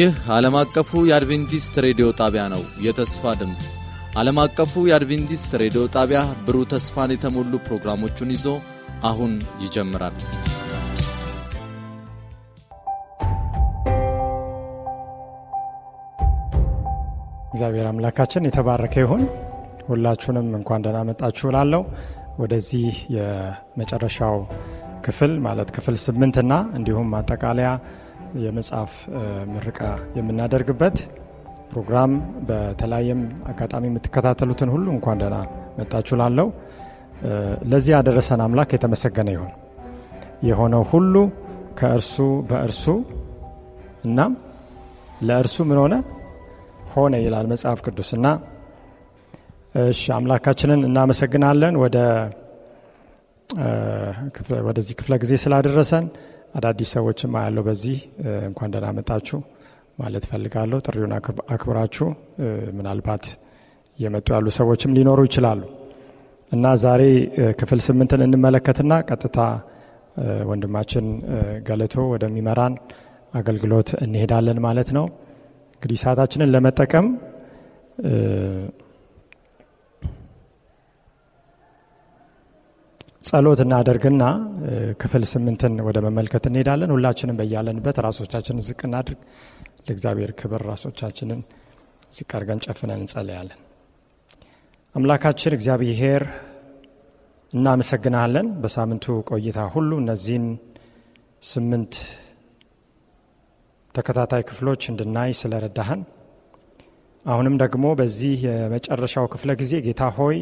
ይህ ዓለም አቀፉ የአድቬንቲስት ሬዲዮ ጣቢያ ነው። የተስፋ ድምፅ ዓለም አቀፉ የአድቬንቲስት ሬዲዮ ጣቢያ ብሩህ ተስፋን የተሞሉ ፕሮግራሞቹን ይዞ አሁን ይጀምራል። እግዚአብሔር አምላካችን የተባረከ ይሁን። ሁላችሁንም እንኳን ደህና መጣችሁ እላለሁ ወደዚህ የመጨረሻው ክፍል ማለት ክፍል ስምንትና እንዲሁም ማጠቃለያ የመጽሐፍ ምርቃ የምናደርግበት ፕሮግራም በተለያየም አጋጣሚ የምትከታተሉትን ሁሉ እንኳን ደህና መጣችሁ ላለው ለዚህ ያደረሰን አምላክ የተመሰገነ ይሁን። የሆነው ሁሉ ከእርሱ በእርሱ እናም ለእርሱ ምን ሆነ ሆነ ይላል መጽሐፍ ቅዱስ እና እሺ አምላካችንን እናመሰግናለን ወደዚህ ክፍለ ጊዜ ስላደረሰን አዳዲስ ሰዎችም አያለው። በዚህ እንኳን ደህና መጣችሁ ማለት ፈልጋለሁ። ጥሪውን አክብራችሁ ምናልባት እየመጡ ያሉ ሰዎችም ሊኖሩ ይችላሉ እና ዛሬ ክፍል ስምንትን እንመለከትና ቀጥታ ወንድማችን ገለቶ ወደሚመራን አገልግሎት እንሄዳለን ማለት ነው። እንግዲህ ሰዓታችንን ለመጠቀም ጸሎት እናደርግና ክፍል ስምንትን ወደ መመልከት እንሄዳለን። ሁላችንም በያለንበት ራሶቻችንን ዝቅ እናድርግ። ለእግዚአብሔር ክብር ራሶቻችንን ሲቀርገን ጨፍነን እንጸለያለን። አምላካችን እግዚአብሔር እናመሰግናለን። በሳምንቱ ቆይታ ሁሉ እነዚህን ስምንት ተከታታይ ክፍሎች እንድናይ ስለረዳህን አሁንም ደግሞ በዚህ የመጨረሻው ክፍለ ጊዜ ጌታ ሆይ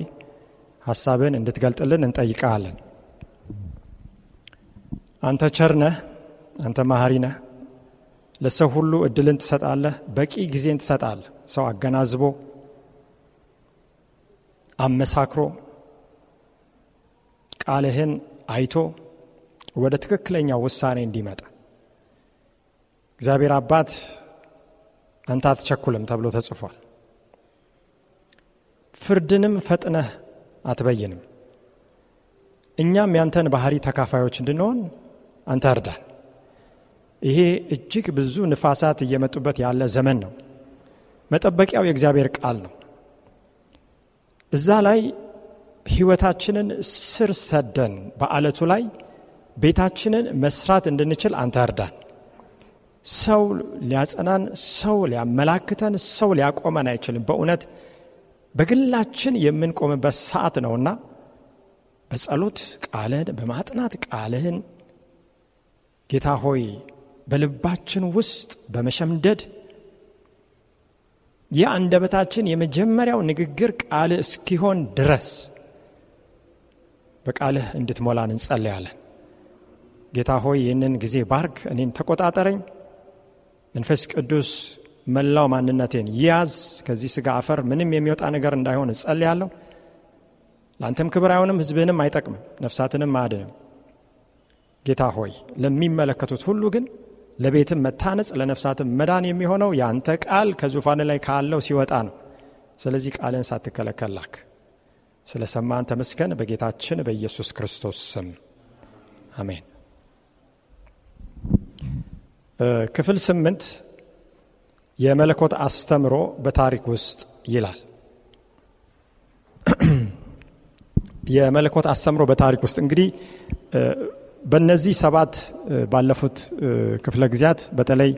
ሀሳብን እንድትገልጥልን እንጠይቀሃለን። አንተ ቸር ነህ፣ አንተ ማህሪ ነህ። ለሰው ሁሉ እድልን ትሰጣለህ፣ በቂ ጊዜን ትሰጣለህ። ሰው አገናዝቦ አመሳክሮ ቃልህን አይቶ ወደ ትክክለኛው ውሳኔ እንዲመጣ እግዚአብሔር አባት አንተ አትቸኩልም ተብሎ ተጽፏል። ፍርድንም ፈጥነህ አትበይንም። እኛም ያንተን ባህሪ ተካፋዮች እንድንሆን አንተ እርዳን። ይሄ እጅግ ብዙ ንፋሳት እየመጡበት ያለ ዘመን ነው። መጠበቂያው የእግዚአብሔር ቃል ነው። እዛ ላይ ህይወታችንን ስር ሰደን በአለቱ ላይ ቤታችንን መስራት እንድንችል አንተ እርዳን። ሰው ሊያጸናን፣ ሰው ሊያመላክተን፣ ሰው ሊያቆመን አይችልም። በእውነት በግላችን የምንቆምበት ሰዓት ነውና በጸሎት ቃልህን በማጥናት ቃልህን ጌታ ሆይ በልባችን ውስጥ በመሸምደድ የአንደበታችን የመጀመሪያው ንግግር ቃል እስኪሆን ድረስ በቃልህ እንድትሞላን እንጸለያለን። ጌታ ሆይ ይህንን ጊዜ ባርክ፣ እኔን ተቆጣጠረኝ። መንፈስ ቅዱስ መላው ማንነቴን ያዝ። ከዚህ ስጋ አፈር ምንም የሚወጣ ነገር እንዳይሆን ያለው ለአንተም ክብር አይሆንም፣ ህዝብህንም አይጠቅምም፣ ነፍሳትንም አያድንም። ጌታ ሆይ ለሚመለከቱት ሁሉ ግን ለቤትም መታነጽ ለነፍሳትም መዳን የሚሆነው የአንተ ቃል ከዙፋን ላይ ካለው ሲወጣ ነው። ስለዚህ ቃልን ሳትከለከላክ ስለ ሰማን ተመስገን። በጌታችን በኢየሱስ ክርስቶስ ስም አሜን። ክፍል ስምንት የመለኮት አስተምሮ በታሪክ ውስጥ ይላል። የመለኮት አስተምሮ በታሪክ ውስጥ እንግዲህ በእነዚህ ሰባት ባለፉት ክፍለ ጊዜያት በተለይ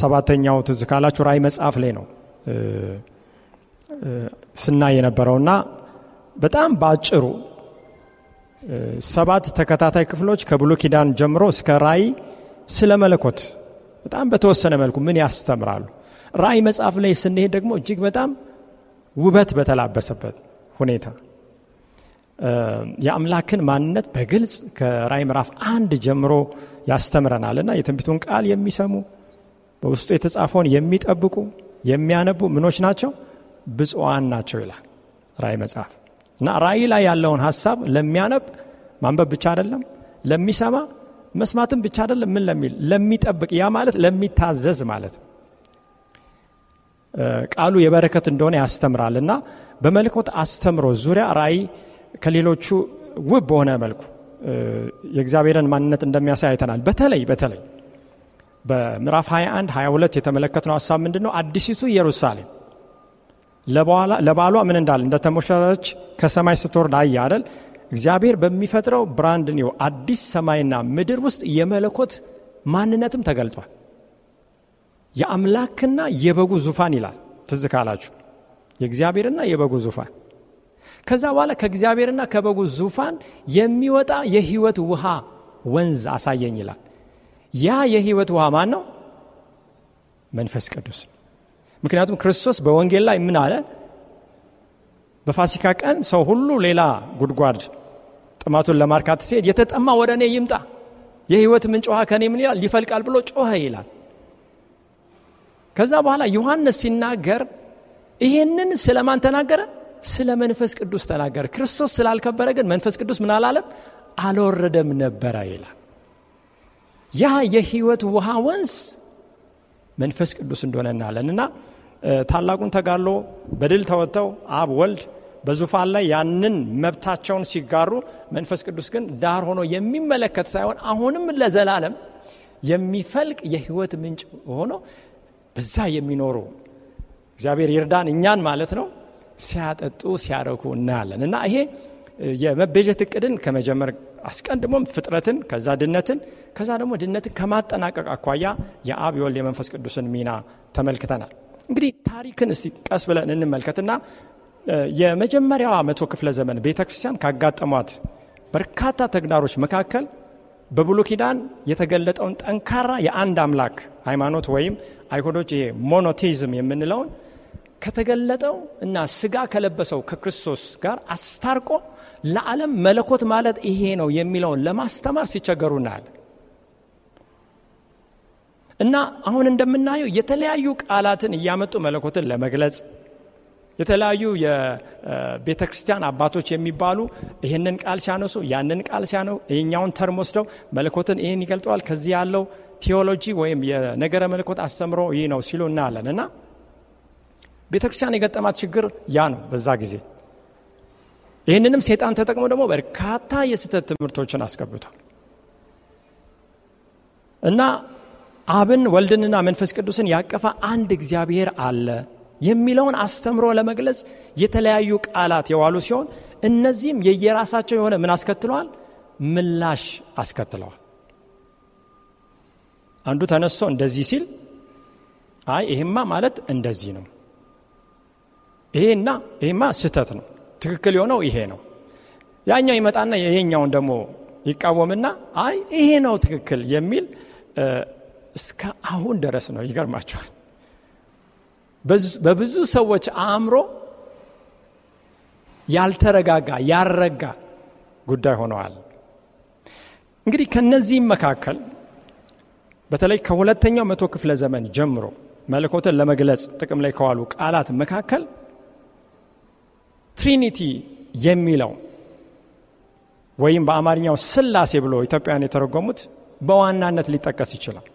ሰባተኛው ትዝ ካላችሁ ራይ መጽሐፍ ላይ ነው ስናይ የነበረውና በጣም በአጭሩ ሰባት ተከታታይ ክፍሎች ከብሎ ኪዳን ጀምሮ እስከ ራይ ስለ መለኮት በጣም በተወሰነ መልኩ ምን ያስተምራሉ ራእይ መጽሐፍ ላይ ስንሄድ ደግሞ እጅግ በጣም ውበት በተላበሰበት ሁኔታ የአምላክን ማንነት በግልጽ ከራእይ ምዕራፍ አንድ ጀምሮ ያስተምረናል እና የትንቢቱን ቃል የሚሰሙ በውስጡ የተጻፈውን የሚጠብቁ የሚያነቡ ምኖች ናቸው ብፅዋን ናቸው ይላል ራእይ መጽሐፍ እና ራእይ ላይ ያለውን ሀሳብ ለሚያነብ ማንበብ ብቻ አይደለም ለሚሰማ መስማትም ብቻ አይደለም ምን ለሚል ለሚጠብቅ ያ ማለት ለሚታዘዝ ማለት ነው ቃሉ የበረከት እንደሆነ ያስተምራል እና በመልኮት አስተምሮ ዙሪያ ራእይ ከሌሎቹ ውብ በሆነ መልኩ የእግዚአብሔርን ማንነት እንደሚያሳይ አይተናል። በተለይ በተለይ በምዕራፍ 21 22 የተመለከትነው ሀሳብ ምንድን ነው? አዲሲቱ ኢየሩሳሌም ለባሏ ምን እንዳለ እንደተሞሸረች ከሰማይ ስትወርድ አየ አይደል? እግዚአብሔር በሚፈጥረው ብራንድ ኒው አዲስ ሰማይና ምድር ውስጥ የመለኮት ማንነትም ተገልጧል። የአምላክና የበጉ ዙፋን ይላል። ትዝ ካላችሁ የእግዚአብሔርና የበጉ ዙፋን። ከዛ በኋላ ከእግዚአብሔርና ከበጉ ዙፋን የሚወጣ የህይወት ውሃ ወንዝ አሳየኝ ይላል። ያ የህይወት ውሃ ማን ነው? መንፈስ ቅዱስ ምክንያቱም ክርስቶስ በወንጌል ላይ ምን አለ? በፋሲካ ቀን ሰው ሁሉ ሌላ ጉድጓድ ጥማቱን ለማርካት ሲሄድ የተጠማ ወደ እኔ ይምጣ፣ የህይወት ምንጭ ውሃ ከእኔ ምን ይላል ሊፈልቃል ብሎ ጮኸ ይላል። ከዛ በኋላ ዮሐንስ ሲናገር ይሄንን ስለማን ተናገረ? ስለ መንፈስ ቅዱስ ተናገረ። ክርስቶስ ስላልከበረ ግን መንፈስ ቅዱስ ምን አላለም? አልወረደም ነበረ ይላል። ያ የህይወት ውሃ ወንዝ መንፈስ ቅዱስ እንደሆነ እናለን እና ታላቁን ተጋሎ በድል ተወጥተው አብ ወልድ በዙፋን ላይ ያንን መብታቸውን ሲጋሩ መንፈስ ቅዱስ ግን ዳር ሆኖ የሚመለከት ሳይሆን አሁንም ለዘላለም የሚፈልቅ የህይወት ምንጭ ሆኖ በዛ የሚኖሩ እግዚአብሔር ይርዳን እኛን ማለት ነው ሲያጠጡ ሲያረኩ እናያለን እና ይሄ የመቤዠት እቅድን ከመጀመር አስቀድሞም ፍጥረትን ከዛ ድነትን ከዛ ደግሞ ድነትን ከማጠናቀቅ አኳያ የአብ የወልድ የመንፈስ ቅዱስን ሚና ተመልክተናል እንግዲህ ታሪክን እስቲ ቀስ ብለን እንመልከትና የመጀመሪያዋ መቶ ክፍለ ዘመን ቤተ ክርስቲያን ካጋጠሟት በርካታ ተግዳሮች መካከል በብሉ ኪዳን የተገለጠውን ጠንካራ የአንድ አምላክ ሃይማኖት ወይም አይሁዶች ይሄ ሞኖቴይዝም የምንለውን ከተገለጠው እና ስጋ ከለበሰው ከክርስቶስ ጋር አስታርቆ ለዓለም መለኮት ማለት ይሄ ነው የሚለውን ለማስተማር ሲቸገሩ እናያለን። እና አሁን እንደምናየው የተለያዩ ቃላትን እያመጡ መለኮትን ለመግለጽ የተለያዩ የቤተ ክርስቲያን አባቶች የሚባሉ ይህንን ቃል ሲያነሱ ያንን ቃል ሲያነው ይህኛውን ተርም ወስደው መለኮትን ይህን ይገልጠዋል ከዚህ ያለው ቴዎሎጂ ወይም የነገረ መለኮት አስተምሮ ይህ ነው ሲሉ እናያለን እና ቤተ ክርስቲያን የገጠማት ችግር ያ ነው በዛ ጊዜ ይህንንም ሴጣን ተጠቅሞ ደግሞ በርካታ የስህተት ትምህርቶችን አስገብቷል እና አብን ወልድንና መንፈስ ቅዱስን ያቀፈ አንድ እግዚአብሔር አለ የሚለውን አስተምሮ ለመግለጽ የተለያዩ ቃላት የዋሉ ሲሆን እነዚህም የየራሳቸው የሆነ ምን አስከትለዋል? ምላሽ አስከትለዋል። አንዱ ተነስቶ እንደዚህ ሲል አይ ይሄማ ማለት እንደዚህ ነው፣ ይሄና ይሄማ ስህተት ነው፣ ትክክል የሆነው ይሄ ነው። ያኛው ይመጣና ይሄኛውን ደግሞ ይቃወምና አይ ይሄ ነው ትክክል የሚል እስከ አሁን ድረስ ነው። ይገርማቸዋል። በብዙ ሰዎች አእምሮ ያልተረጋጋ ያረጋ ጉዳይ ሆነዋል። እንግዲህ ከነዚህም መካከል በተለይ ከሁለተኛው መቶ ክፍለ ዘመን ጀምሮ መልኮትን ለመግለጽ ጥቅም ላይ ከዋሉ ቃላት መካከል ትሪኒቲ የሚለው ወይም በአማርኛው ስላሴ ብሎ ኢትዮጵያን የተረጎሙት በዋናነት ሊጠቀስ ይችላል።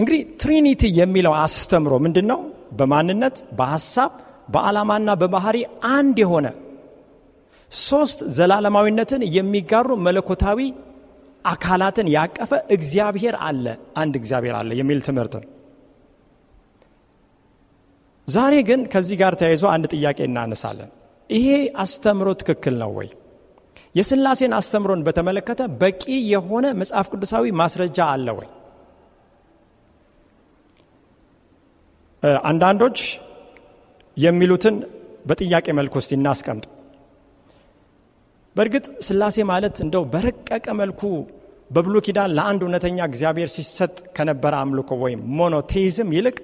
እንግዲህ ትሪኒቲ የሚለው አስተምሮ ምንድን ነው? በማንነት በሐሳብ በዓላማና በባህሪ አንድ የሆነ ሶስት ዘላለማዊነትን የሚጋሩ መለኮታዊ አካላትን ያቀፈ እግዚአብሔር አለ፣ አንድ እግዚአብሔር አለ የሚል ትምህርት ነው። ዛሬ ግን ከዚህ ጋር ተያይዞ አንድ ጥያቄ እናነሳለን። ይሄ አስተምሮ ትክክል ነው ወይ? የስላሴን አስተምሮን በተመለከተ በቂ የሆነ መጽሐፍ ቅዱሳዊ ማስረጃ አለ ወይ? አንዳንዶች የሚሉትን በጥያቄ መልኩ ውስጥ እናስቀምጥ። በእርግጥ ስላሴ ማለት እንደው በረቀቀ መልኩ በብሉ ኪዳን ለአንድ እውነተኛ እግዚአብሔር ሲሰጥ ከነበረ አምልኮ ወይም ሞኖቴይዝም ይልቅ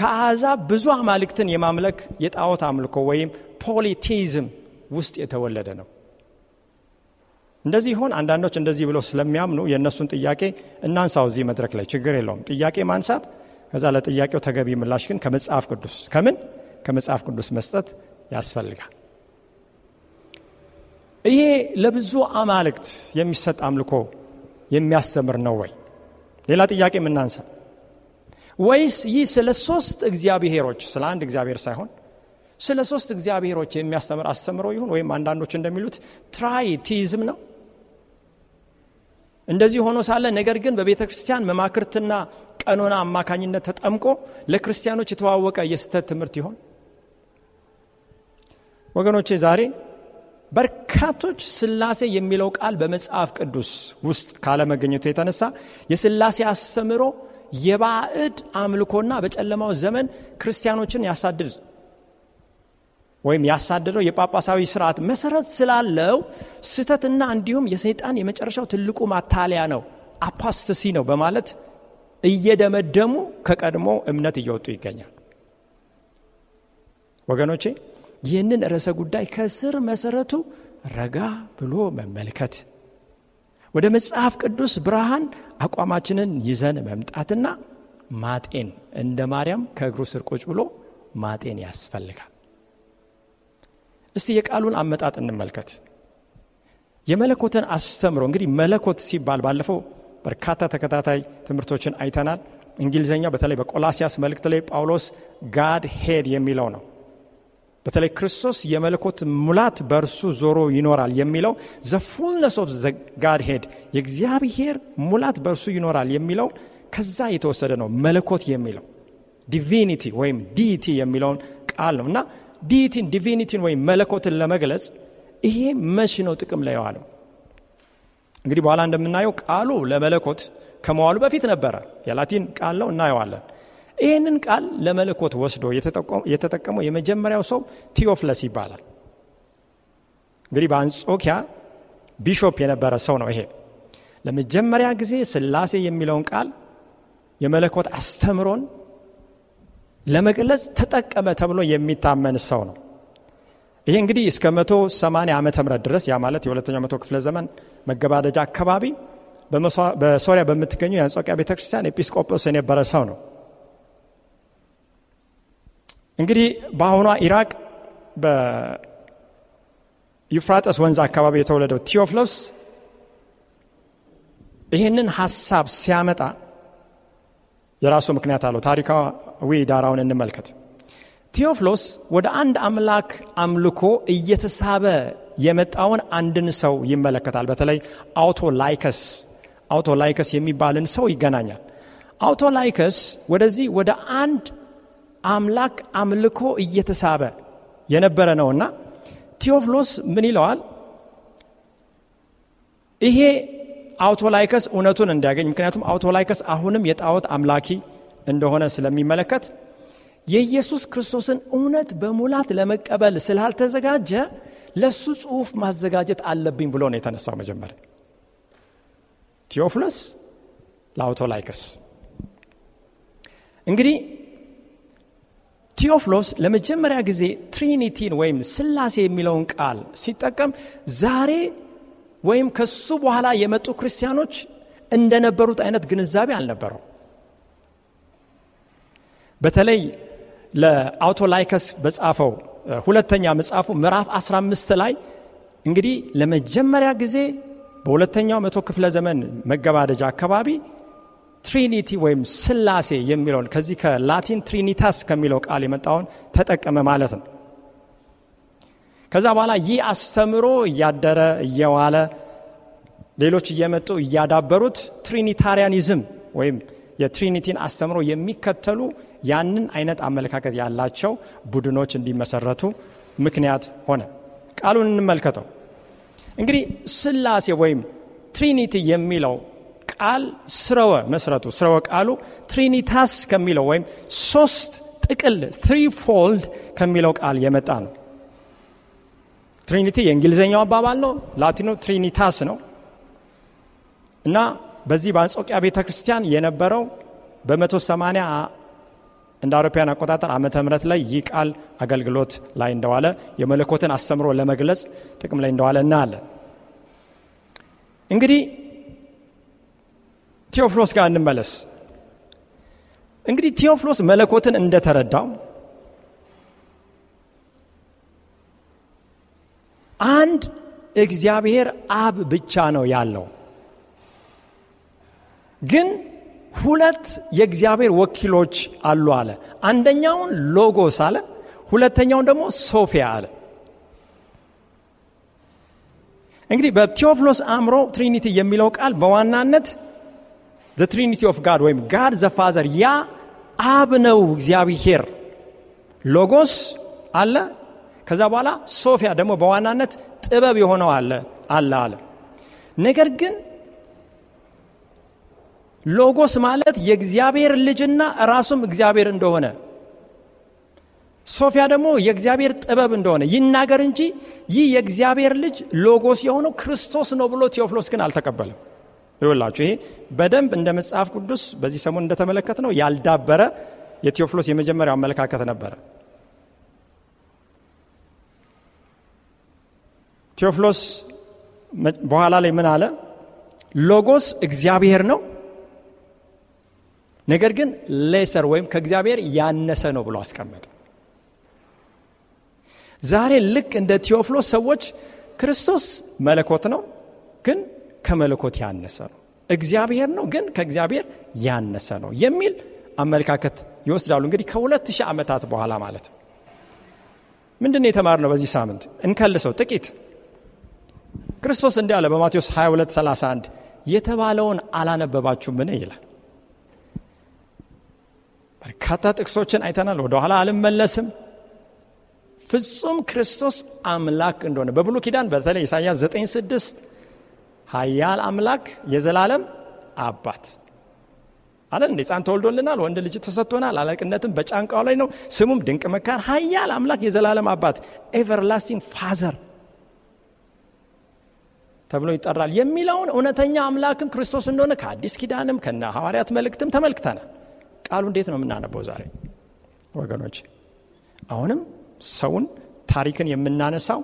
ከአሕዛብ ብዙ አማልክትን የማምለክ የጣዖት አምልኮ ወይም ፖሊቴይዝም ውስጥ የተወለደ ነው። እንደዚህ ይሆን? አንዳንዶች እንደዚህ ብለው ስለሚያምኑ የእነሱን ጥያቄ እናንሳው እዚህ መድረክ ላይ ችግር የለውም። ጥያቄ ማንሳት ከዛ ለጥያቄው ተገቢ ምላሽ ግን ከመጽሐፍ ቅዱስ ከምን ከመጽሐፍ ቅዱስ መስጠት ያስፈልጋል። ይሄ ለብዙ አማልክት የሚሰጥ አምልኮ የሚያስተምር ነው ወይ? ሌላ ጥያቄ የምናንሳ ወይስ ይህ ስለ ሶስት እግዚአብሔሮች ስለ አንድ እግዚአብሔር ሳይሆን ስለ ሶስት እግዚአብሔሮች የሚያስተምር አስተምሮ ይሁን ወይም አንዳንዶች እንደሚሉት ትራይቲዝም ነው እንደዚህ ሆኖ ሳለ ነገር ግን በቤተ ክርስቲያን መማክርትና ቀኖና አማካኝነት ተጠምቆ ለክርስቲያኖች የተዋወቀ የስህተት ትምህርት ይሆን? ወገኖቼ ዛሬ በርካቶች ስላሴ የሚለው ቃል በመጽሐፍ ቅዱስ ውስጥ ካለመገኘቱ የተነሳ የስላሴ አስተምሮ የባዕድ አምልኮና በጨለማው ዘመን ክርስቲያኖችን ያሳድድ ወይም ያሳደደው የጳጳሳዊ ስርዓት መሰረት ስላለው ስህተትና እንዲሁም የሰይጣን የመጨረሻው ትልቁ ማታለያ ነው፣ አፓስተሲ ነው በማለት እየደመደሙ ከቀድሞ እምነት እየወጡ ይገኛል። ወገኖቼ ይህንን ርዕሰ ጉዳይ ከስር መሰረቱ ረጋ ብሎ መመልከት ወደ መጽሐፍ ቅዱስ ብርሃን አቋማችንን ይዘን መምጣትና ማጤን እንደ ማርያም ከእግሩ ስር ቁጭ ብሎ ማጤን ያስፈልጋል። እስቲ የቃሉን አመጣጥ እንመልከት። የመለኮትን አስተምሮ እንግዲህ መለኮት ሲባል ባለፈው በርካታ ተከታታይ ትምህርቶችን አይተናል። እንግሊዝኛው በተለይ በቆላሲያስ መልእክት ላይ ጳውሎስ ጋድ ሄድ የሚለው ነው። በተለይ ክርስቶስ የመለኮት ሙላት በእርሱ ዞሮ ይኖራል የሚለው ዘ ፉልነስ ኦፍ ጋድ ሄድ የእግዚአብሔር ሙላት በእርሱ ይኖራል የሚለው ከዛ የተወሰደ ነው። መለኮት የሚለው ዲቪኒቲ ወይም ዲቲ የሚለውን ቃል ነው እና ዲቲን ዲቪኒቲን ወይም መለኮትን ለመግለጽ ይሄ መሽ ነው ጥቅም ላይ የዋለው? እንግዲህ በኋላ እንደምናየው ቃሉ ለመለኮት ከመዋሉ በፊት ነበረ። የላቲን ቃል ነው፣ እናየዋለን። ይህንን ቃል ለመለኮት ወስዶ የተጠቀመው የመጀመሪያው ሰው ቲዮፍለስ ይባላል። እንግዲህ በአንጾኪያ ቢሾፕ የነበረ ሰው ነው። ይሄ ለመጀመሪያ ጊዜ ስላሴ የሚለውን ቃል የመለኮት አስተምሮን ለመግለጽ ተጠቀመ ተብሎ የሚታመን ሰው ነው። ይሄ እንግዲህ እስከ 180 ዓመተ ምህረት ድረስ ያ ማለት የሁለተኛው መቶ ክፍለ ዘመን መገባደጃ አካባቢ በሶሪያ በምትገኘው የአንጾቂያ ቤተክርስቲያን ኤጲስቆጶስ የነበረ ሰው ነው። እንግዲህ በአሁኗ ኢራቅ በዩፍራጠስ ወንዝ አካባቢ የተወለደው ቲዮፍሎስ ይህንን ሀሳብ ሲያመጣ የራሱ ምክንያት አለው። ታሪካዊ ዳራውን እንመልከት። ቴዎፍሎስ ወደ አንድ አምላክ አምልኮ እየተሳበ የመጣውን አንድን ሰው ይመለከታል። በተለይ አውቶላይከስ ላይከስ የሚባልን ሰው ይገናኛል። አውቶ ላይከስ ወደዚህ ወደ አንድ አምላክ አምልኮ እየተሳበ የነበረ ነውና ቴዎፍሎስ ምን ይለዋል? ይሄ አውቶላይከስ እውነቱን እንዲያገኝ ምክንያቱም አውቶላይከስ አሁንም የጣዖት አምላኪ እንደሆነ ስለሚመለከት የኢየሱስ ክርስቶስን እውነት በሙላት ለመቀበል ስላልተዘጋጀ ለሱ ጽሑፍ ማዘጋጀት አለብኝ ብሎ ነው የተነሳው። መጀመሪያ ቴዎፍለስ ለአውቶላይከስ። እንግዲህ ቴዎፍሎስ ለመጀመሪያ ጊዜ ትሪኒቲን ወይም ስላሴ የሚለውን ቃል ሲጠቀም ዛሬ ወይም ከሱ በኋላ የመጡ ክርስቲያኖች እንደነበሩት አይነት ግንዛቤ አልነበረው። በተለይ ለአውቶላይከስ በጻፈው ሁለተኛ መጽሐፉ ምዕራፍ 15 ላይ እንግዲህ ለመጀመሪያ ጊዜ በሁለተኛው መቶ ክፍለ ዘመን መገባደጃ አካባቢ ትሪኒቲ ወይም ስላሴ የሚለውን ከዚህ ከላቲን ትሪኒታስ ከሚለው ቃል የመጣውን ተጠቀመ ማለት ነው። ከዛ በኋላ ይህ አስተምሮ እያደረ እየዋለ ሌሎች እየመጡ እያዳበሩት ትሪኒታሪያኒዝም ወይም የትሪኒቲን አስተምሮ የሚከተሉ ያንን አይነት አመለካከት ያላቸው ቡድኖች እንዲመሰረቱ ምክንያት ሆነ። ቃሉን እንመልከተው። እንግዲህ ስላሴ ወይም ትሪኒቲ የሚለው ቃል ስረወ መስረቱ ስረወ ቃሉ ትሪኒታስ ከሚለው ወይም ሶስት ጥቅል ትሪፎልድ ከሚለው ቃል የመጣ ነው። ትሪኒቲ የእንግሊዝኛው አባባል ነው። ላቲኑ ትሪኒታስ ነው እና በዚህ በአንጾቂያ ቤተ ክርስቲያን የነበረው በ180 እንደ አውሮፓውያን አቆጣጠር ዓመተ ምህረት ላይ ይህ ቃል አገልግሎት ላይ እንደዋለ የመለኮትን አስተምሮ ለመግለጽ ጥቅም ላይ እንደዋለ እናያለን። እንግዲህ ቴዎፍሎስ ጋር እንመለስ። እንግዲህ ቴዎፍሎስ መለኮትን እንደተረዳው አንድ እግዚአብሔር አብ ብቻ ነው ያለው። ግን ሁለት የእግዚአብሔር ወኪሎች አሉ አለ። አንደኛውን ሎጎስ አለ፣ ሁለተኛውን ደግሞ ሶፊያ አለ። እንግዲህ በቴዎፍሎስ አእምሮ ትሪኒቲ የሚለው ቃል በዋናነት ዘ ትሪኒቲ ኦፍ ጋድ ወይም ጋድ ዘፋዘር ያ አብ ነው እግዚአብሔር ሎጎስ አለ ከዛ በኋላ ሶፊያ ደግሞ በዋናነት ጥበብ የሆነው አለ አለ አለ። ነገር ግን ሎጎስ ማለት የእግዚአብሔር ልጅና ራሱም እግዚአብሔር እንደሆነ ሶፊያ ደግሞ የእግዚአብሔር ጥበብ እንደሆነ ይናገር እንጂ ይህ የእግዚአብሔር ልጅ ሎጎስ የሆነው ክርስቶስ ነው ብሎ ቴዎፍሎስ ግን አልተቀበለም። ይውላችሁ ይሄ በደንብ እንደ መጽሐፍ ቅዱስ በዚህ ሰሞን እንደተመለከት ነው ያልዳበረ የቴዎፍሎስ የመጀመሪያው አመለካከት ነበረ። ቴዎፍሎስ በኋላ ላይ ምን አለ? ሎጎስ እግዚአብሔር ነው፣ ነገር ግን ሌሰር ወይም ከእግዚአብሔር ያነሰ ነው ብሎ አስቀመጠ። ዛሬ ልክ እንደ ቴዎፍሎስ ሰዎች ክርስቶስ መለኮት ነው፣ ግን ከመለኮት ያነሰ ነው፣ እግዚአብሔር ነው፣ ግን ከእግዚአብሔር ያነሰ ነው የሚል አመለካከት ይወስዳሉ። እንግዲህ ከሁለት ሺህ ዓመታት በኋላ ማለት ነው። ምንድን ነው በዚህ ሳምንት? እንከልሰው ጥቂት ክርስቶስ እንዲህ አለ በማቴዎስ 22 31 የተባለውን አላነበባችሁምን ይላል። በርካታ ጥቅሶችን አይተናል። ወደ ኋላ አልመለስም። ፍጹም ክርስቶስ አምላክ እንደሆነ በብሉ ኪዳን በተለይ ኢሳያስ 96 ሀያል አምላክ የዘላለም አባት አለ እንደ ሕፃን ተወልዶልናል፣ ወንድ ልጅ ተሰጥቶናል፣ አለቅነትም በጫንቃው ላይ ነው፣ ስሙም ድንቅ መካር፣ ሀያል አምላክ የዘላለም አባት ኤቨርላስቲንግ ፋዘር ተብሎ ይጠራል የሚለውን እውነተኛ አምላክም ክርስቶስ እንደሆነ ከአዲስ ኪዳንም ከና ሐዋርያት መልእክትም ተመልክተናል። ቃሉ እንዴት ነው የምናነበው ዛሬ ወገኖች? አሁንም ሰውን ታሪክን የምናነሳው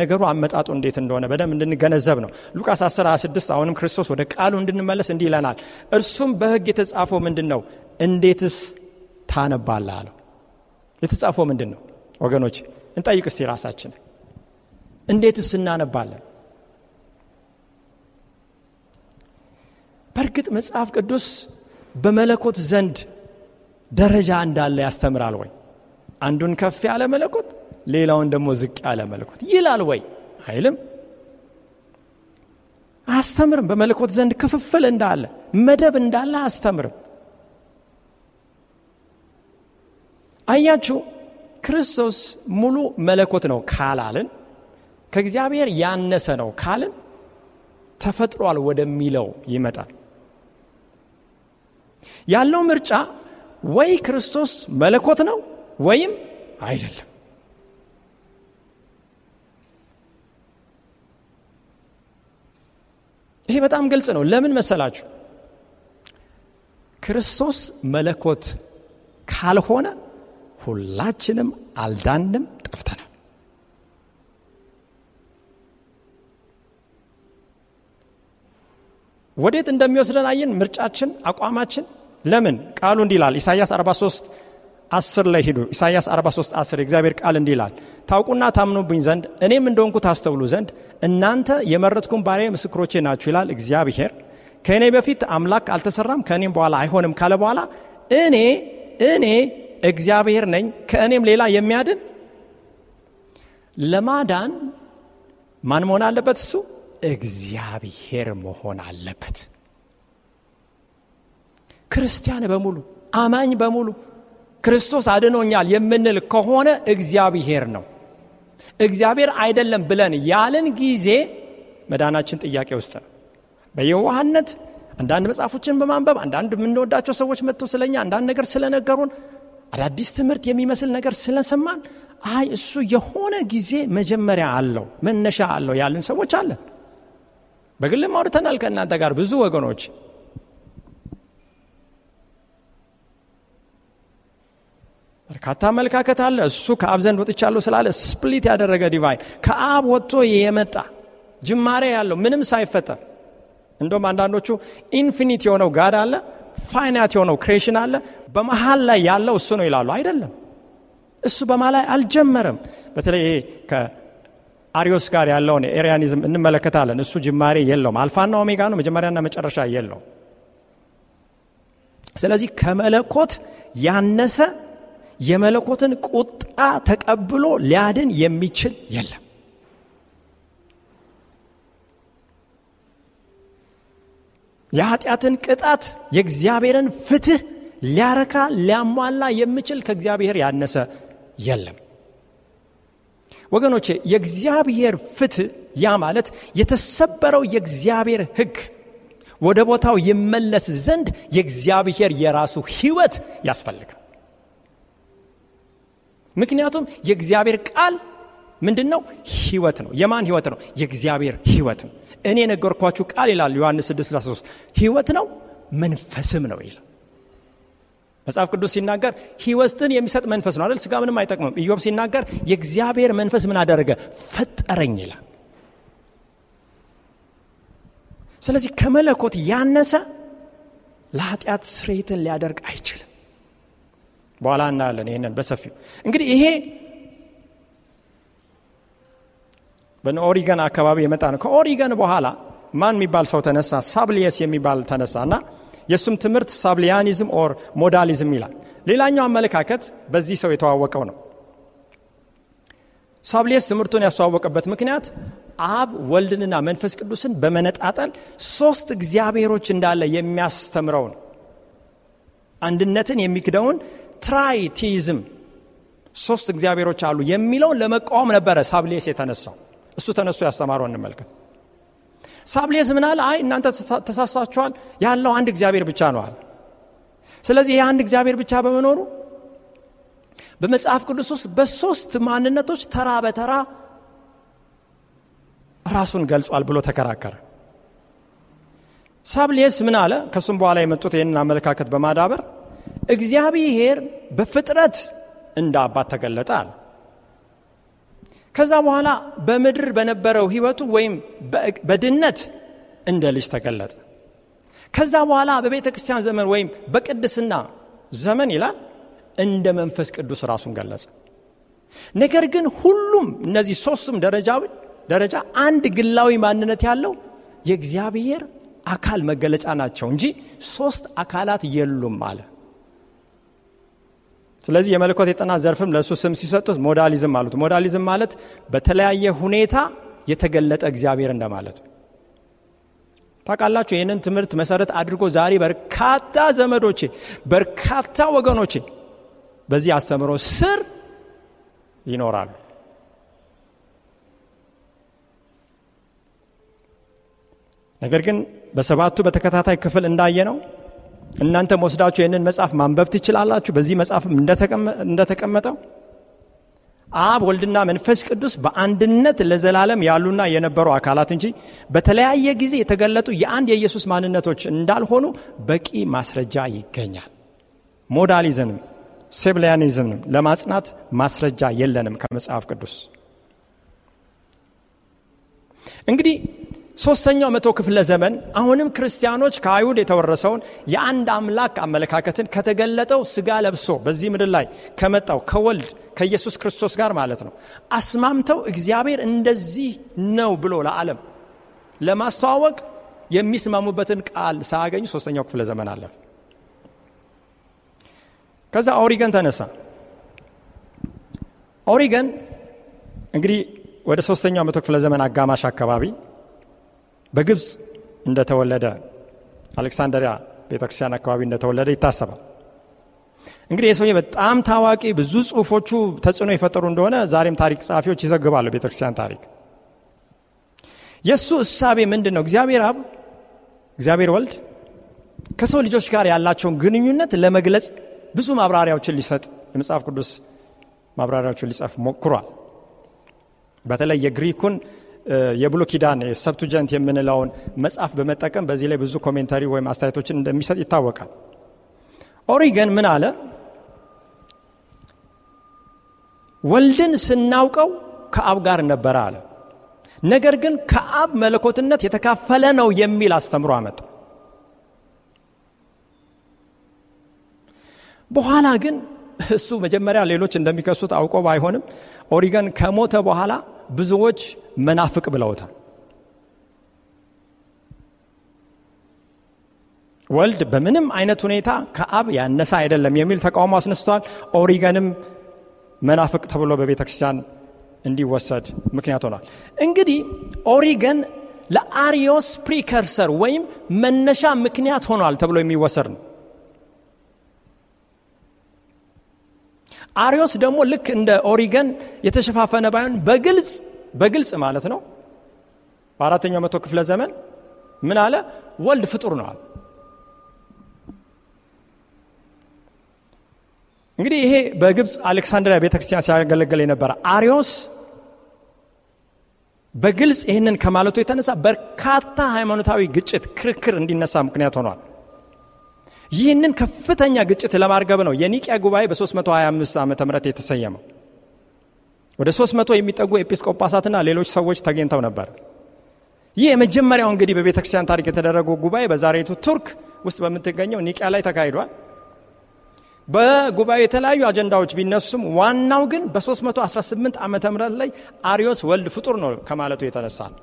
ነገሩ አመጣጡ እንዴት እንደሆነ በደንብ እንድንገነዘብ ነው። ሉቃስ 1 26 አሁንም ክርስቶስ ወደ ቃሉ እንድንመለስ እንዲህ ይለናል፣ እርሱም በህግ የተጻፈው ምንድን ነው እንዴትስ ታነባለ አለው። የተጻፈው ምንድን ነው ወገኖች? እንጠይቅ እስቲ ራሳችን እንዴትስ እናነባለን? በእርግጥ መጽሐፍ ቅዱስ በመለኮት ዘንድ ደረጃ እንዳለ ያስተምራል ወይ? አንዱን ከፍ ያለ መለኮት፣ ሌላውን ደግሞ ዝቅ ያለ መለኮት ይላል ወይ? አይልም። አስተምርም በመለኮት ዘንድ ክፍፍል እንዳለ መደብ እንዳለ አስተምርም። አያችሁ፣ ክርስቶስ ሙሉ መለኮት ነው ካላልን፣ ከእግዚአብሔር ያነሰ ነው ካልን፣ ተፈጥሯል ወደሚለው ይመጣል። ያለው ምርጫ ወይ ክርስቶስ መለኮት ነው ወይም አይደለም። ይሄ በጣም ግልጽ ነው። ለምን መሰላችሁ? ክርስቶስ መለኮት ካልሆነ ሁላችንም አልዳንም፣ ጠፍተናል። ወዴት እንደሚወስደን አየን። ምርጫችን፣ አቋማችን ለምን ቃሉ እንዲህ ይላል ኢሳያስ 43 10 ላይ ሂዱ ኢሳያስ 43 10 እግዚአብሔር ቃል እንዲህ ይላል ታውቁና ታምኑብኝ ዘንድ እኔም እንደሆንኩ ታስተውሉ ዘንድ እናንተ የመረጥኩን ባሪያ ምስክሮቼ ናችሁ ይላል እግዚአብሔር ከእኔ በፊት አምላክ አልተሰራም ከእኔም በኋላ አይሆንም ካለ በኋላ እኔ እኔ እግዚአብሔር ነኝ ከእኔም ሌላ የሚያድን ለማዳን ማን መሆን አለበት እሱ እግዚአብሔር መሆን አለበት ክርስቲያን በሙሉ አማኝ በሙሉ ክርስቶስ አድኖኛል የምንል ከሆነ እግዚአብሔር ነው። እግዚአብሔር አይደለም ብለን ያልን ጊዜ መዳናችን ጥያቄ ውስጥ ነው። በየዋህነት አንዳንድ መጽሐፎችን በማንበብ አንዳንድ የምንወዳቸው ሰዎች መጥተው ስለኛ አንዳንድ ነገር ስለነገሩን አዳዲስ ትምህርት የሚመስል ነገር ስለሰማን አይ እሱ የሆነ ጊዜ መጀመሪያ አለው መነሻ አለው ያለን ሰዎች አለን። በግልም አውድተናል ከእናንተ ጋር ብዙ ወገኖች በርካታ አመለካከት አለ እሱ ከአብ ዘንድ ወጥቻለሁ ስላለ ስፕሊት ያደረገ ዲቫይን ከአብ ወጥቶ የመጣ ጅማሬ ያለው ምንም ሳይፈጠር እንደም አንዳንዶቹ ኢንፊኒት የሆነው ጋድ አለ ፋይናት የሆነው ክሬሽን አለ በመሀል ላይ ያለው እሱ ነው ይላሉ አይደለም እሱ በማ ላይ አልጀመረም በተለይ ከአሪዮስ ጋር ያለውን ኤሪያኒዝም እንመለከታለን እሱ ጅማሬ የለውም አልፋና ኦሜጋ ነው መጀመሪያና መጨረሻ የለውም ስለዚህ ከመለኮት ያነሰ የመለኮትን ቁጣ ተቀብሎ ሊያድን የሚችል የለም። የኃጢአትን ቅጣት የእግዚአብሔርን ፍትህ ሊያረካ ሊያሟላ የሚችል ከእግዚአብሔር ያነሰ የለም። ወገኖቼ የእግዚአብሔር ፍትህ ያ ማለት የተሰበረው የእግዚአብሔር ህግ ወደ ቦታው ይመለስ ዘንድ የእግዚአብሔር የራሱ ህይወት ያስፈልጋል። ምክንያቱም የእግዚአብሔር ቃል ምንድን ነው? ህይወት ነው። የማን ህይወት ነው? የእግዚአብሔር ህይወት ነው። እኔ የነገርኳችሁ ቃል ይላል ዮሐንስ 6፥13 ህይወት ነው መንፈስም ነው ይላል። መጽሐፍ ቅዱስ ሲናገር ህይወትን የሚሰጥ መንፈስ ነው አይደል? ስጋ ምንም አይጠቅምም። ኢዮብ ሲናገር የእግዚአብሔር መንፈስ ምን አደረገ? ፈጠረኝ ይላል። ስለዚህ ከመለኮት ያነሰ ለኃጢአት ስሬትን ሊያደርግ አይችልም። በኋላ እናያለን ይህንን በሰፊው እንግዲህ ይሄ በኦሪገን አካባቢ የመጣ ነው ከኦሪገን በኋላ ማን የሚባል ሰው ተነሳ ሳብሊየስ የሚባል ተነሳ እና የእሱም ትምህርት ሳብሊያኒዝም ኦር ሞዳሊዝም ይላል ሌላኛው አመለካከት በዚህ ሰው የተዋወቀው ነው ሳብሊየስ ትምህርቱን ያስተዋወቀበት ምክንያት አብ ወልድንና መንፈስ ቅዱስን በመነጣጠል ሶስት እግዚአብሔሮች እንዳለ የሚያስተምረውን አንድነትን የሚክደውን ትራይቲዝም ሶስት እግዚአብሔሮች አሉ የሚለውን ለመቃወም ነበረ ሳብሌስ የተነሳው። እሱ ተነሱ ያስተማረው እንመልከት። ሳብሌስ ምናል አይ እናንተ ተሳሳችኋል፣ ያለው አንድ እግዚአብሔር ብቻ ነው አለ። ስለዚህ ይህ አንድ እግዚአብሔር ብቻ በመኖሩ በመጽሐፍ ቅዱስ ውስጥ በሶስት ማንነቶች ተራ በተራ ራሱን ገልጿል ብሎ ተከራከረ። ሳብሌስ ምን አለ? ከእሱም በኋላ የመጡት ይህንን አመለካከት በማዳበር እግዚአብሔር በፍጥረት እንደ አባት ተገለጠ አለ። ከዛ በኋላ በምድር በነበረው ህይወቱ ወይም በድነት እንደ ልጅ ተገለጠ። ከዛ በኋላ በቤተ ክርስቲያን ዘመን ወይም በቅድስና ዘመን ይላል እንደ መንፈስ ቅዱስ ራሱን ገለጸ። ነገር ግን ሁሉም እነዚህ ሶስቱም ደረጃ ደረጃ አንድ ግላዊ ማንነት ያለው የእግዚአብሔር አካል መገለጫ ናቸው እንጂ ሶስት አካላት የሉም አለ። ስለዚህ የመለኮት የጥናት ዘርፍም ለእሱ ስም ሲሰጡት ሞዳሊዝም አሉት። ሞዳሊዝም ማለት በተለያየ ሁኔታ የተገለጠ እግዚአብሔር እንደማለት ታውቃላችሁ። ይህንን ትምህርት መሰረት አድርጎ ዛሬ በርካታ ዘመዶቼ፣ በርካታ ወገኖቼ በዚህ አስተምህሮ ስር ይኖራሉ። ነገር ግን በሰባቱ በተከታታይ ክፍል እንዳየ ነው እናንተም ወስዳችሁ ይህንን መጽሐፍ ማንበብ ትችላላችሁ። በዚህ መጽሐፍም እንደተቀመጠው አብ ወልድና መንፈስ ቅዱስ በአንድነት ለዘላለም ያሉና የነበሩ አካላት እንጂ በተለያየ ጊዜ የተገለጡ የአንድ የኢየሱስ ማንነቶች እንዳልሆኑ በቂ ማስረጃ ይገኛል። ሞዳሊዝንም ሴብሊያኒዝምም ለማጽናት ማስረጃ የለንም ከመጽሐፍ ቅዱስ እንግዲህ ሶስተኛው መቶ ክፍለ ዘመን አሁንም ክርስቲያኖች ከአይሁድ የተወረሰውን የአንድ አምላክ አመለካከትን ከተገለጠው ስጋ ለብሶ በዚህ ምድር ላይ ከመጣው ከወልድ ከኢየሱስ ክርስቶስ ጋር ማለት ነው አስማምተው እግዚአብሔር እንደዚህ ነው ብሎ ለዓለም ለማስተዋወቅ የሚስማሙበትን ቃል ሳያገኙ ሶስተኛው ክፍለ ዘመን አለፍ ከዛ ኦሪገን ተነሳ። ኦሪገን እንግዲህ ወደ ሶስተኛው መቶ ክፍለ ዘመን አጋማሽ አካባቢ በግብፅ እንደተወለደ አሌክሳንደሪያ ቤተክርስቲያን አካባቢ እንደተወለደ ይታሰባል። እንግዲህ የሰው በጣም ታዋቂ ብዙ ጽሁፎቹ ተጽዕኖ የፈጠሩ እንደሆነ ዛሬም ታሪክ ጸሐፊዎች ይዘግባሉ። ቤተክርስቲያን ታሪክ የእሱ እሳቤ ምንድን ነው? እግዚአብሔር አብ፣ እግዚአብሔር ወልድ ከሰው ልጆች ጋር ያላቸውን ግንኙነት ለመግለጽ ብዙ ማብራሪያዎችን ሊሰጥ የመጽሐፍ ቅዱስ ማብራሪያዎችን ሊጸፍ ሞክሯል። በተለይ የግሪኩን የብሉይ ኪዳን ሰብቱጀንት የምንለውን መጽሐፍ በመጠቀም በዚህ ላይ ብዙ ኮሜንታሪ ወይም አስተያየቶችን እንደሚሰጥ ይታወቃል። ኦሪገን ምን አለ? ወልድን ስናውቀው ከአብ ጋር ነበረ አለ። ነገር ግን ከአብ መለኮትነት የተካፈለ ነው የሚል አስተምሮ አመጥ በኋላ ግን እሱ መጀመሪያ ሌሎች እንደሚከሱት አውቆ ባይሆንም ኦሪገን ከሞተ በኋላ ብዙዎች መናፍቅ ብለውታል። ወልድ በምንም አይነት ሁኔታ ከአብ ያነሳ አይደለም የሚል ተቃውሞ አስነስተዋል። ኦሪገንም መናፍቅ ተብሎ በቤተ ክርስቲያን እንዲወሰድ ምክንያት ሆኗል። እንግዲህ ኦሪገን ለአሪዮስ ፕሪከርሰር ወይም መነሻ ምክንያት ሆኗል ተብሎ የሚወሰድ ነው። አሪዮስ ደግሞ ልክ እንደ ኦሪገን የተሸፋፈነ ባይሆን በግልጽ በግልጽ ማለት ነው በአራተኛው መቶ ክፍለ ዘመን ምን አለ ወልድ ፍጡር ነዋል እንግዲህ ይሄ በግብፅ አሌክሳንድሪያ ቤተ ክርስቲያን ሲያገለግል የነበረ አሪዮስ በግልጽ ይህንን ከማለቱ የተነሳ በርካታ ሃይማኖታዊ ግጭት፣ ክርክር እንዲነሳ ምክንያት ሆኗል። ይህንን ከፍተኛ ግጭት ለማርገብ ነው የኒቅያ ጉባኤ በ325 ዓ ም የተሰየመው። ወደ 300 የሚጠጉ ኤጲስቆጳሳትና ሌሎች ሰዎች ተገኝተው ነበር። ይህ የመጀመሪያው እንግዲህ በቤተ ክርስቲያን ታሪክ የተደረገው ጉባኤ በዛሬቱ ቱርክ ውስጥ በምትገኘው ኒቅያ ላይ ተካሂዷል። በጉባኤ የተለያዩ አጀንዳዎች ቢነሱም ዋናው ግን በ318 ዓ ም ላይ አሪዮስ ወልድ ፍጡር ነው ከማለቱ የተነሳ ነው።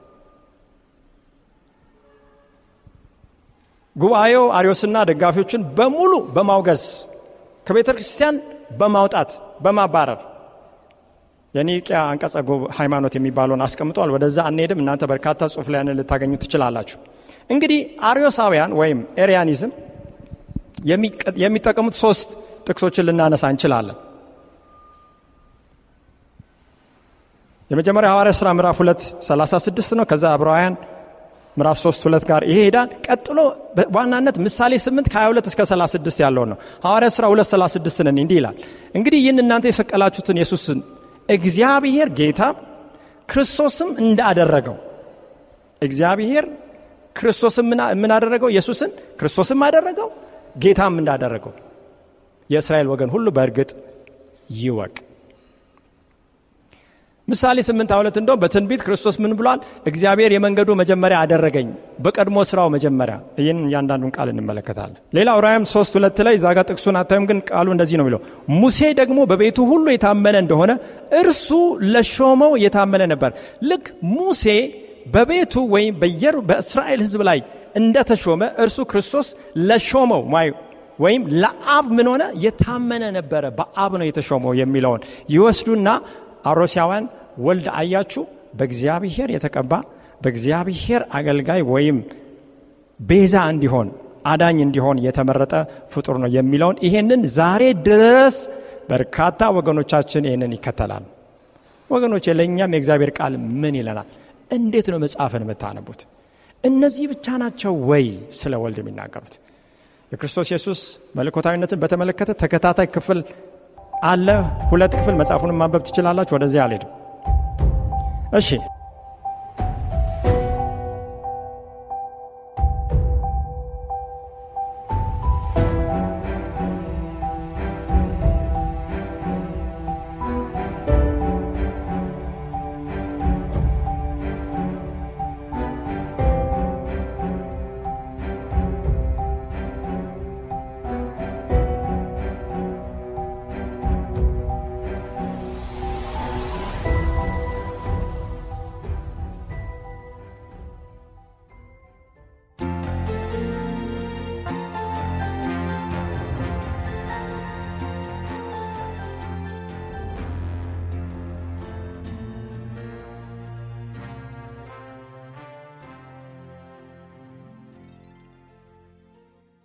ጉባኤው አሪዮስና ደጋፊዎችን በሙሉ በማውገዝ ከቤተ ክርስቲያን በማውጣት በማባረር የኒቅያ አንቀጸ ሃይማኖት የሚባለውን አስቀምጧል። ወደዛ አንሄድም። እናንተ በርካታ ጽሁፍ ላይ ልታገኙ ትችላላችሁ። እንግዲህ አሪዮሳውያን ወይም ኤሪያኒዝም የሚጠቀሙት ሶስት ጥቅሶችን ልናነሳ እንችላለን። የመጀመሪያ ሐዋርያ ሥራ ምዕራፍ 2 36 ነው። ከዛ አብረውያን ምዕራፍ 3 2 ጋር ይሄ ሄዳል። ቀጥሎ ዋናነት ምሳሌ 8 ከ22 እስከ 36 ያለውን ነው። ሐዋርያ ሥራ 2 36 ነን እንዲህ ይላል፣ እንግዲህ ይህን እናንተ የሰቀላችሁትን ኢየሱስን እግዚአብሔር ጌታ ክርስቶስም እንዳደረገው እግዚአብሔር ክርስቶስም የምናደረገው ኢየሱስን ክርስቶስም አደረገው ጌታም እንዳደረገው የእስራኤል ወገን ሁሉ በእርግጥ ይወቅ። ምሳሌ ስምንት ሁለት እንደውም በትንቢት ክርስቶስ ምን ብሏል? እግዚአብሔር የመንገዱ መጀመሪያ አደረገኝ በቀድሞ ስራው መጀመሪያ። ይህን እያንዳንዱን ቃል እንመለከታለን። ሌላ ራያም ሶስት ሁለት ላይ እዛ ጋር ጥቅሱን አታዩም፣ ግን ቃሉ እንደዚህ ነው የሚለው ሙሴ ደግሞ በቤቱ ሁሉ የታመነ እንደሆነ እርሱ ለሾመው የታመነ ነበር። ልክ ሙሴ በቤቱ ወይም በየሩ በእስራኤል ህዝብ ላይ እንደተሾመ እርሱ ክርስቶስ ለሾመው ወይም ለአብ ምን ሆነ የታመነ ነበረ። በአብ ነው የተሾመው የሚለውን ይወስዱና አሮሲያውያን ወልድ አያችሁ በእግዚአብሔር የተቀባ በእግዚአብሔር አገልጋይ ወይም ቤዛ እንዲሆን አዳኝ እንዲሆን የተመረጠ ፍጡር ነው የሚለውን ይሄንን ዛሬ ድረስ በርካታ ወገኖቻችን ይህንን ይከተላል። ወገኖች ለእኛም የእግዚአብሔር ቃል ምን ይለናል? እንዴት ነው መጽሐፍን የምታነቡት? እነዚህ ብቻ ናቸው ወይ ስለ ወልድ የሚናገሩት? የክርስቶስ ኢየሱስ መልኮታዊነትን በተመለከተ ተከታታይ ክፍል አለ። ሁለት ክፍል መጽሐፉንም ማንበብ ትችላላችሁ። ወደዚህ አልሄድም። 而且。